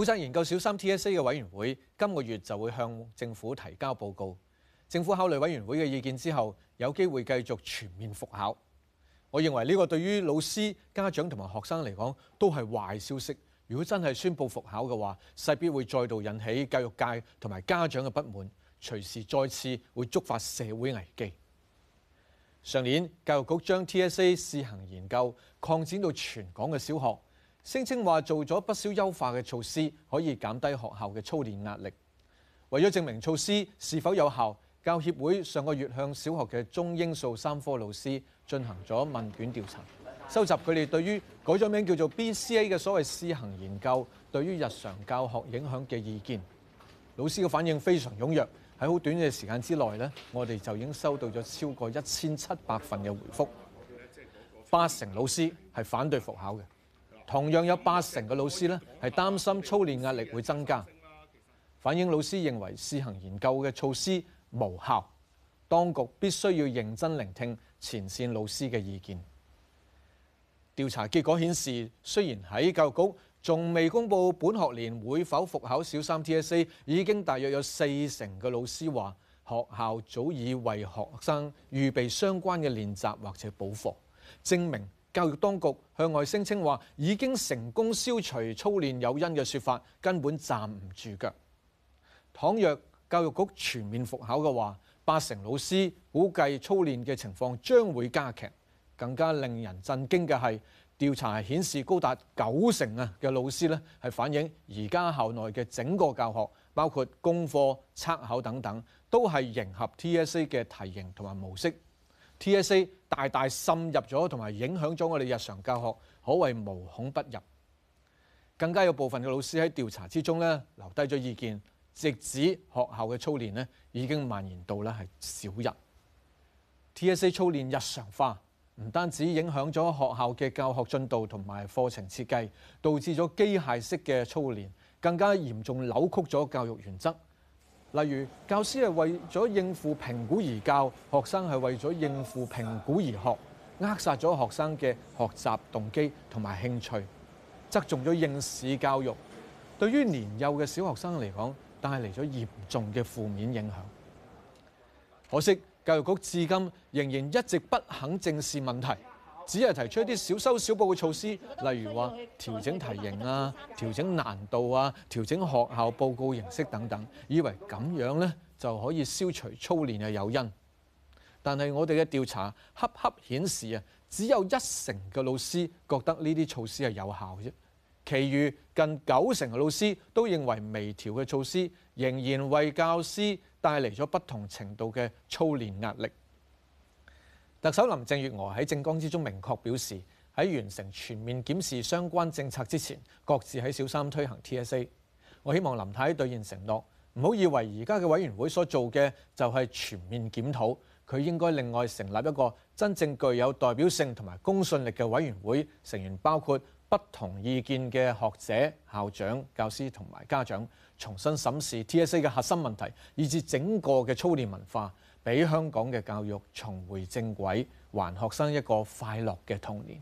負責研究小三 TSA 嘅委員會，今個月就會向政府提交報告。政府考慮委員會嘅意見之後，有機會繼續全面復考。我認為呢個對於老師、家長同埋學生嚟講，都係壞消息。如果真係宣布復考嘅話，勢必會再度引起教育界同埋家長嘅不滿，隨時再次會觸發社會危機。上年，教育局將 TSA 試行研究擴展到全港嘅小學。聲稱話做咗不少優化嘅措施，可以減低學校嘅操練壓力。為咗證明措施是否有效，教協會上個月向小學嘅中英數三科老師進行咗問卷調查，收集佢哋對於改咗名叫做 BCA 嘅所謂試行研究對於日常教學影響嘅意見。老師嘅反應非常踊躍，喺好短嘅時間之內呢，我哋就已經收到咗超過一千七百份嘅回覆。八成老師係反對復考嘅。同樣有八成嘅老師咧，係擔心操練壓力會增加，反映老師認為試行研究嘅措施無效，當局必須要認真聆聽前線老師嘅意見。調查結果顯示，雖然喺教育局仲未公布本學年會否復考小三 TSA，已經大約有四成嘅老師話學校早已為學生預備相關嘅練習或者補課，證明，教育當局向外聲稱話已經成功消除操練誘因嘅說法，根本站唔住腳。倘若教育局全面復考嘅話，八成老師估計操練嘅情況將會加劇。更加令人震驚嘅係調查顯示，高達九成啊嘅老師咧係反映，而家校內嘅整個教學，包括功課、測考等等，都係迎合 TSA 嘅題型同埋模式。TSA 大大滲入咗，同埋影響咗我哋日常教學，可謂無孔不入。更加有部分嘅老師喺調查之中咧，留低咗意見，直指學校嘅操練呢已經蔓延到咧係小一。TSA 操練日常化，唔單止影響咗學校嘅教學進度同埋課程設計，導致咗機械式嘅操練，更加嚴重扭曲咗教育原則。例如，教師係為咗應付評估而教，學生係為咗應付評估而學，扼殺咗學生嘅學習動機同埋興趣，側重咗應試教育，對於年幼嘅小學生嚟講，帶嚟咗嚴重嘅負面影響。可惜教育局至今仍然一直不肯正視問題。只係提出一啲小修小補嘅措施，例如話調整題型啊、調整難度啊、調整學校報告形式等等，以為咁樣咧就可以消除操練嘅誘因。但係我哋嘅調查恰恰顯示啊，只有一成嘅老師覺得呢啲措施係有效嘅。其餘近九成嘅老師都認為微調嘅措施仍然為教師帶嚟咗不同程度嘅操練壓力。特首林鄭月娥喺政綱之中明確表示，喺完成全面檢視相關政策之前，各自喺小三推行 TSA。我希望林太兌現承諾，唔好以為而家嘅委員會所做嘅就係全面檢討，佢應該另外成立一個真正具有代表性同埋公信力嘅委員會，成員包括不同意見嘅學者、校長、教師同埋家長，重新審視 TSA 嘅核心問題，以至整個嘅操練文化。俾香港嘅教育重回正軌，還學生一個快樂嘅童年。